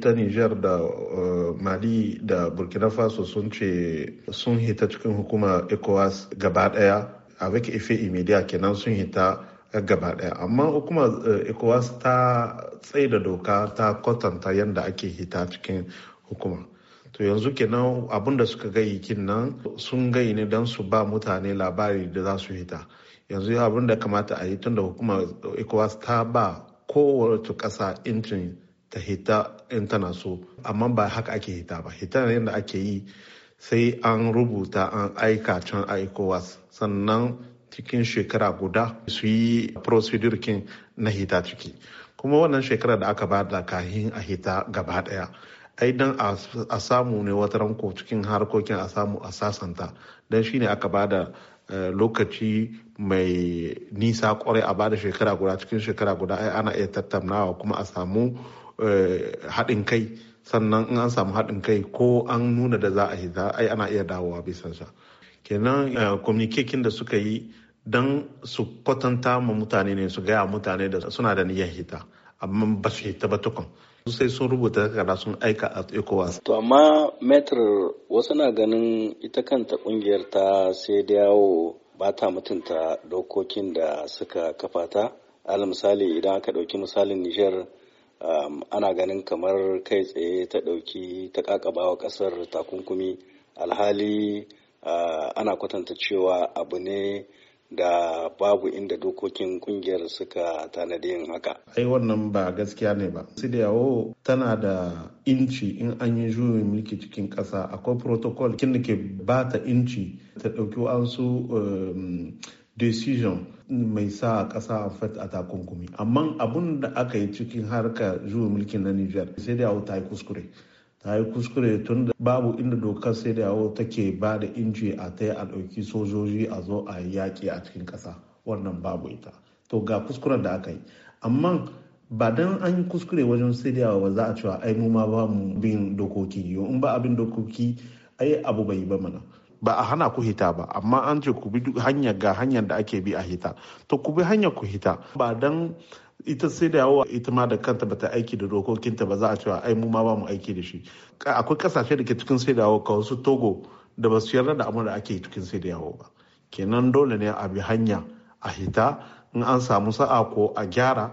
ta niger da eh, mali da burkina faso sun ce sun hita cikin hukumar ecowas gaba daya wake ife immédiat kenan sun hita gaba daya amma hukumar eh, ecowas ta tsaida doka ta kwatanta yadda ake hita cikin hukuma to yanzu kenan abin da suka gayi nan sun gayi ne don su ba mutane labari da za su hita yanzu abin da kamata a yi tun da hukumar eh, ecowas ta ba kowace ƙasa intin ta hita in tana so amma ba haka ake hita ba hita ne da ake yi sai an rubuta an aika can aikowa sannan cikin shekara guda su yi procedure na hita ciki kuma wannan shekara da aka ba da kahin a hita gaba daya ai dan a samu ne wata ranko cikin harkokin a samu a sasanta don shine aka ba da Eh, lokaci mai nisa kwarai a bada shekara guda cikin shekara guda ai ana iya tattaunawa kuma a samu eh, haɗin kai sannan in an samu haɗin kai ko an nuna da za a yi ai ana iya dawowa bisan sa kenan eh, communication da suka yi don su kwatanta ma mutane ne su gaya mutane da suna da niyyar hita amma ba su hita ba tukun sai sun rubuta takarda sun aika a ECOWAS. To amma metro wasu na ganin ita kanta kungiyar ta sai yawo ba ta mutunta dokokin da suka kafa ta. Al misali idan aka dauki misalin Nijar um, ana ganin kamar kai tsaye ta dauki ta ƙaƙabawa ƙasar takunkumi alhali uh, ana kwatanta cewa abu ne da babu inda dokokin kungiyar suka tanadi yin haka. Ai wannan ba gaskiya ne ba. CDAO tana da inci in an yi juyin mulki cikin ƙasa akwai protocol kin da ke ba ta inci ta ɗauki su um, decision mai sa ƙasa fet a takunkumi. Amma abun da aka yi cikin harkar juyin mulkin na Niger sai da ta yi kuskure. ta yi kuskure tun da babu inda dokar sai da yawo take ba da inji a ta a ɗauki sojoji a zo a yaƙi a cikin ƙasa wannan babu ita to ga kuskuren da aka yi amma ba dan an yi kuskure wajen sai da yawo ba za a cewa ai mu ma ba mu bin dokoki yo in ba abin dokoki ai abu bai ba mana ba a hana ku hita ba amma an ce ku bi hanya ga hanyar da ake bi a hita to ku bi hanyar ku hita ba dan ita sai da yawa ita ma da kanta bata aiki da dokokinta ba za a cewa ai mu ma ba mu aiki da shi akwai kasashe da ke cikin sai da yawo kawai su togo da ba su yarda da abin da ake cikin sai da yawo ba kenan dole ne a bi hanya a hita in an samu sa'a ko a gyara